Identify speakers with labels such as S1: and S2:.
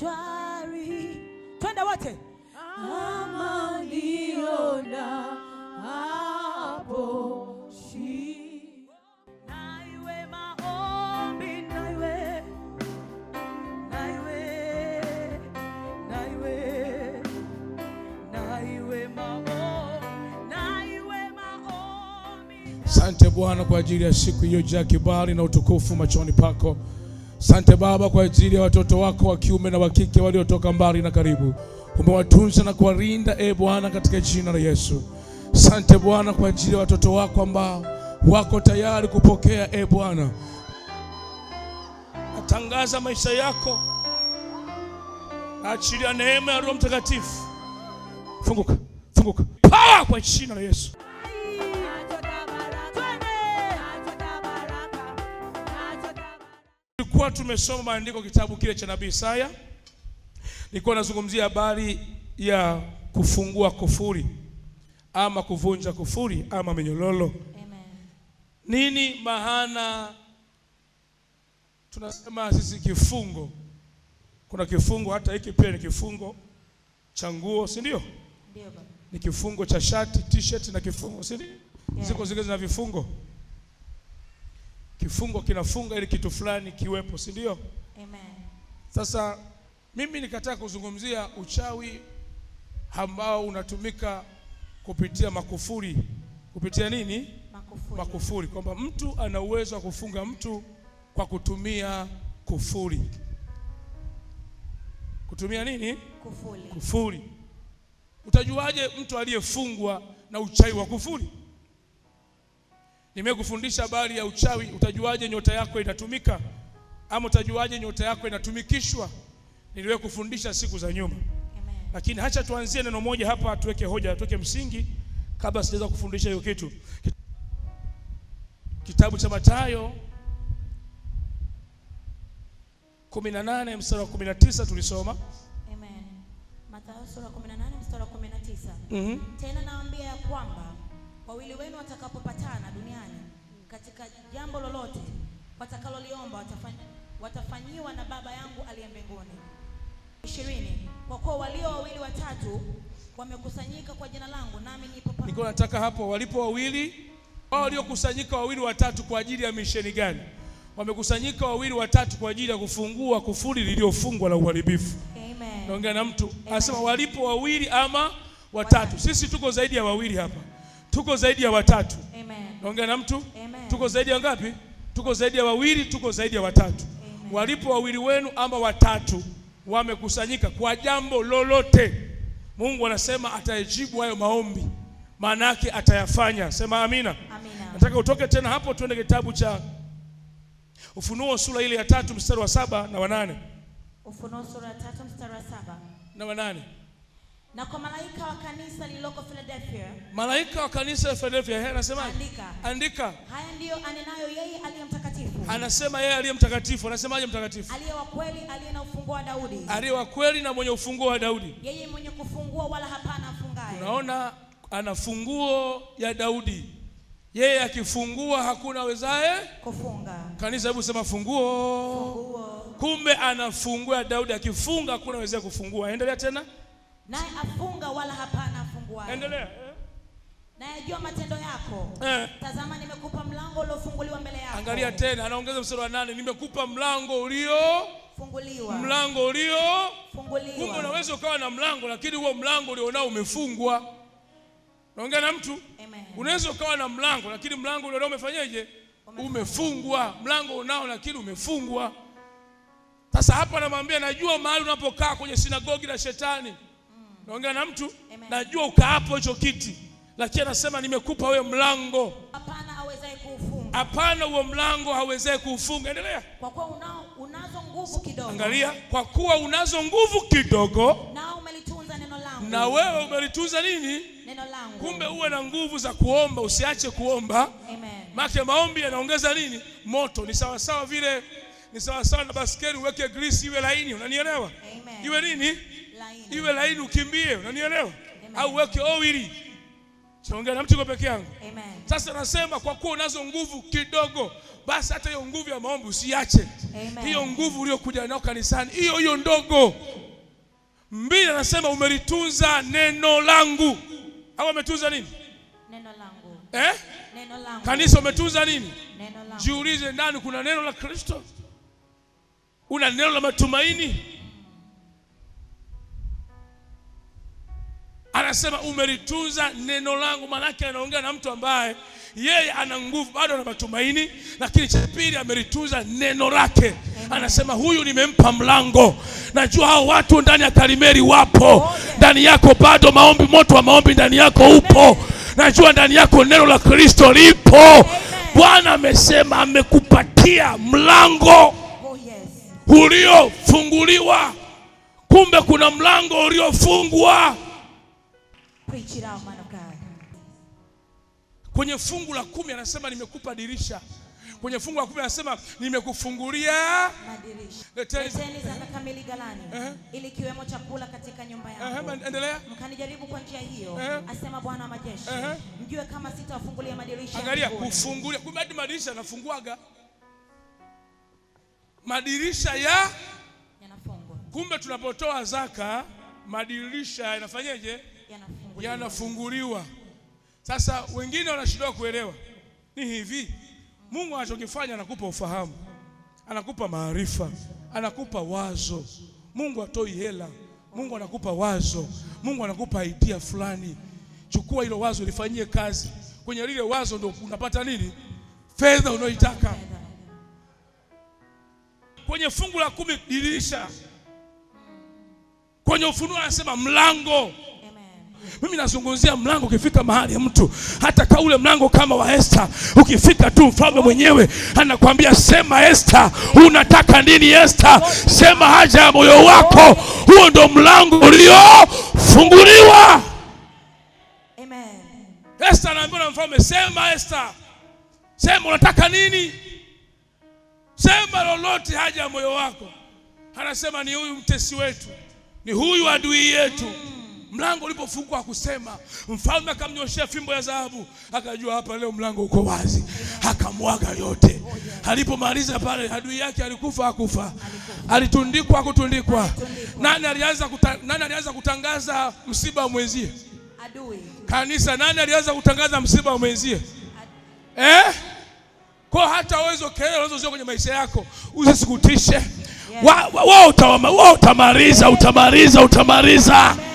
S1: shwari. Twende wote. Amani ona hapo
S2: Asante Bwana kwa ajili ya siku hiyo kibali na utukufu machoni pako. Sante Baba kwa ajili ya watoto wako wa kiume na wa kike waliotoka mbali na karibu, umewatunza na kuwalinda e Bwana, katika jina la Yesu. Sante Bwana kwa ajili ya watoto wako ambao wako tayari kupokea e Bwana, natangaza maisha yako, achilia neema ya Roho Mtakatifu. Funguka, funguka, power kwa jina la Yesu. Tulikuwa tumesoma maandiko kitabu kile cha nabii Isaya, nilikuwa nazungumzia habari ya kufungua kufuri ama kuvunja kufuri ama minyololo. Amen. Nini maana tunasema sisi kifungo? Kuna kifungo, hata hiki pia ni kifungo cha nguo, si ndio? Ndio baba. Ni kifungo cha shati, t-shirt na kifungo, si ndio? Yeah. Ziko zingine zina vifungo kifungo kinafunga ili kitu fulani kiwepo, si ndio? Amen. Sasa mimi nikataka kuzungumzia uchawi ambao unatumika kupitia makufuri, kupitia nini? Makufuri, makufuri. Kwamba mtu ana uwezo wa kufunga mtu kwa kutumia kufuri, kutumia nini? Kufuri, kufuri. Utajuaje mtu aliyefungwa na uchawi wa kufuri? Nimekufundisha habari ya uchawi. Utajuaje nyota yako inatumika ama utajuaje nyota yako inatumikishwa? kufundisha siku za nyuma, Amen. lakini hacha tuanzie neno moja hapa, tuweke hoja, tuweke msingi kabla sijaweza kufundisha hiyo kitu. Kitabu cha Mathayo 18 mstari wa 19 tulisoma.
S3: Amen. Mathayo sura 18 mstari wa 19. Mhm. Tena naambia ya kwamba wawili wenu watakapopatana kwamba watafanyiwa na Baba yangu aliye mbinguni. ishirini. Kwa kuwa walio wawili watatu wamekusanyika kwa jina langu, nami nipo pamoja.
S2: Niko nataka hapo, walipo wawili wao, waliokusanyika wawili watatu kwa ajili ya misheni gani? Wamekusanyika wawili watatu kwa ajili ya kufungua kufuli liliofungwa la uharibifu. Amen. Naongea na mtu asema, walipo wawili ama watatu. Sisi tuko zaidi ya wawili hapa, tuko zaidi ya watatu. Amen. Naongea na mtu. Amen. Tuko zaidi ya ngapi? tuko zaidi ya wawili, tuko zaidi ya watatu. Amen. Walipo wawili wenu ama watatu wamekusanyika kwa jambo lolote, Mungu anasema atayajibu hayo maombi, maana yake atayafanya. Sema amina. Amina. Nataka utoke tena hapo, tuende kitabu cha Ufunuo sura ile ya tatu mstari wa saba na wanane.
S3: Ufunuo sura ya tatu mstari wa saba na wanane. Na kwa malaika wa kanisa lililoko Philadelphia,
S2: malaika wa kanisa la Philadelphia yeye anasema andika, andika. Haya
S3: ndiyo anenayo yeye aliye mtakatifu.
S2: Anasema yeye aliye mtakatifu, anasemaje mtakatifu?
S3: Aliye wa kweli, aliye na ufunguo wa Daudi.
S2: Aliye wa kweli na mwenye ufunguo wa Daudi.
S3: Yeye mwenye kufungua wala hapana afungaye.
S2: Unaona ana funguo ya Daudi. Yeye akifungua hakuna wezaye
S3: kufunga.
S2: Kanisa, hebu sema funguo. Funguo. Kumbe anafungua Daudi, akifunga hakuna wezaye kufungua. Endelea tena
S3: naye afunga wala hapana afunguaye.
S2: Endelea eh?
S3: Nayajua matendo yako eh. Tazama, nimekupa mlango uliofunguliwa mbele yako.
S2: Angalia tena, anaongeza mstari wa nane, nimekupa mlango ulio funguliwa, mlango ulio funguliwa. Kumbe unaweza ukawa na mlango lakini huo mlango ulionao umefungwa. Naongea na mtu, unaweza ukawa na mlango lakini mlango ulionao umefanyaje? Umefungwa. Mlango unao lakini umefungwa. Sasa hapa anamwambia, najua mahali unapokaa kwenye sinagogi la Shetani naongea na mtu Amen. Najua ukaapo hicho kiti, lakini anasema nimekupa wewe mlango.
S3: Hapana, kuufunga.
S2: Hapana, huo mlango hawezee kuufunga. Endelea.
S3: Kwa kuwa unao, unazo nguvu kidogo.
S2: Angalia, kwa kuwa unazo nguvu kidogo
S3: na umelitunza neno langu.
S2: Na wewe umelitunza nini? Neno langu. Kumbe uwe na nguvu za kuomba, usiache kuomba. Amen. Maana maombi yanaongeza nini? Moto. Ni sawa sawa vile, ni sawa sawa na baskeli uweke grisi iwe laini, unanielewa? Iwe nini? iwe laini, ukimbie, unanielewa? Au weke owili. Siongea na mtu kwa peke yangu. Amen. Sasa nasema kwa kuwa unazo nguvu kidogo, basi hata hiyo nguvu ya maombi usiache. Amen. Hiyo nguvu uliyokuja nayo kanisani, hiyo hiyo ndogo. Mbili anasema umelitunza neno langu. Au umetunza nini?
S3: Neno langu.
S2: Eh? Neno langu. Kanisa umetunza nini? Neno langu. Jiulize ndani kuna neno la Kristo? Una neno la matumaini? anasema umelitunza neno langu. Maanake anaongea na mtu ambaye yeye ana nguvu bado ana matumaini, lakini cha pili amelitunza neno lake. Anasema huyu nimempa mlango. Najua hao watu ndani ya Karimeli wapo ndani yako, bado maombi, moto wa maombi ndani yako upo. Najua ndani yako neno la Kristo lipo. Bwana amesema amekupatia mlango uliofunguliwa. Kumbe kuna mlango uliofungwa.
S3: Preach it out, man of God.
S2: Kwenye fungu la kumi anasema nimekupa dirisha kwenye fungu la kumi anasema nimekufungulia madirisha.
S3: Leteni zaka kamili ghalani, uh -huh. ili kiwemo chakula katika nyumba yangu. uh -huh. Mkanijaribu kwa njia hiyo, uh -huh. asema Bwana wa majeshi, uh -huh. mjue kama sitawafungulia madirisha.
S2: Angalia kufungulia, kumbe hadi madirisha yanafunguaga, madirisha ya yanafungwa. Kumbe tunapotoa zaka madirisha yanafanyaje? Yanafungwa yanafunguliwa. Sasa wengine wanashindwa kuelewa, ni hivi, Mungu anachokifanya anakupa ufahamu, anakupa maarifa, anakupa wazo. Mungu atoi hela, Mungu anakupa wazo, Mungu anakupa idea fulani. Chukua hilo wazo, lifanyie kazi. Kwenye lile wazo ndio unapata nini? Fedha unayoitaka. Kwenye fungu la kumi dirisha, kwenye Ufunuo anasema mlango mimi nazungumzia mlango, ukifika mahali mtu hata ka ule mlango kama wa Esther, ukifika tu mfalme mwenyewe anakwambia sema, Esther, unataka nini? Esther, sema haja ya moyo wako. Huo ndo mlango uliofunguliwa. Amen. Esther anaambiwa na mfalme, sema Esther, sema unataka nini? Sema lolote, haja ya moyo wako. Anasema ni huyu mtesi wetu, ni huyu adui yetu mm. Mlango ulipofungwa akusema, mfalme akamnyoshea fimbo ya dhahabu, akajua hapa leo mlango uko wazi, akamwaga yote. Alipomaliza pale, adui yake alikufa, akufa alitundikwa, akutundikwa Nani alianza kuta, nani alianza kutangaza msiba mwenzie? Adui. Kanisa, nani alianza kutangaza msiba mwenzie? Eh? Kwa hata wezo kelele unazozia kwenye maisha yako usisikutishe. Wao utamaliza, utamaliza, utamaliza.